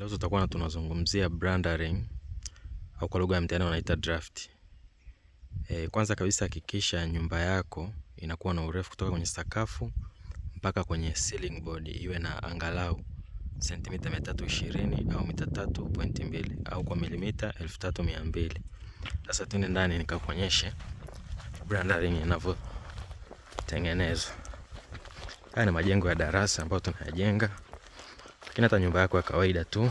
Leo tutakuwa tunazungumzia branding au kwa lugha ya mtaani wanaita draft. E, kwanza kabisa hakikisha nyumba yako inakuwa na urefu kutoka kwenye sakafu mpaka kwenye ceiling board iwe na angalau sentimita mia tatu ishirini au mita tatu pointi mbili au kwa milimita elfu tatu mia mbili. Sasa tuende ndani nikakuonyeshe branding inavyotengenezwa. Haya ni majengo ya darasa ambayo tunayajenga lakini hata nyumba yako ya kawaida tu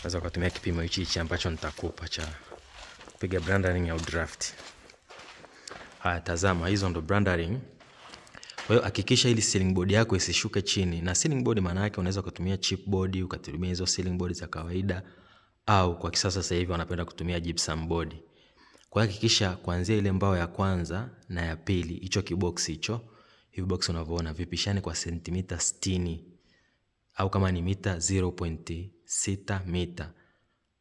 unaweza kutumia kipimo hichi hichi ambacho nitakupa cha kupiga branding au draft. Haya, tazama, hizo ndo branding. Kwa hiyo hakikisha ili ceiling board yako isishuke chini, na ceiling board maana yake unaweza kutumia chip board, ukatumia hizo ceiling board za kawaida, au kwa kisasa sasa hivi wanapenda kutumia gypsum board. Kwa hiyo hakikisha kuanzia ile mbao ya kwanza na ya pili, hicho kiboksi hicho, hivi box unavyoona vipishane kwa sentimita 60 au kama ni mita 0.6 mita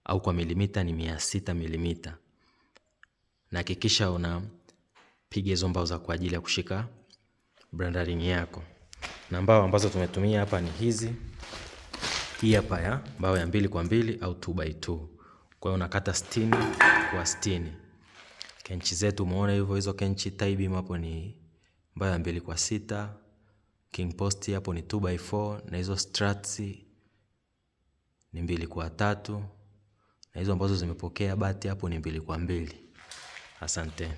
au kwa milimita ni 600 milimita, na hakikisha unapiga hizo mbao za kwa ajili ya kushika brandaring yako. Na mbao ambazo tumetumia hapa ni hizi, hii hapa ya mbao ya mbili kwa mbili au 2 by 2. Kwa hiyo unakata 60 kwa 60. Kenchi zetu umeona hivyo, hizo kenchi taibi hapo ni mbao ya mbili kwa sita king post hapo ni 2 by 4 na hizo struts ni mbili kwa tatu na hizo ambazo zimepokea bati hapo ni mbili kwa mbili. Asanteni.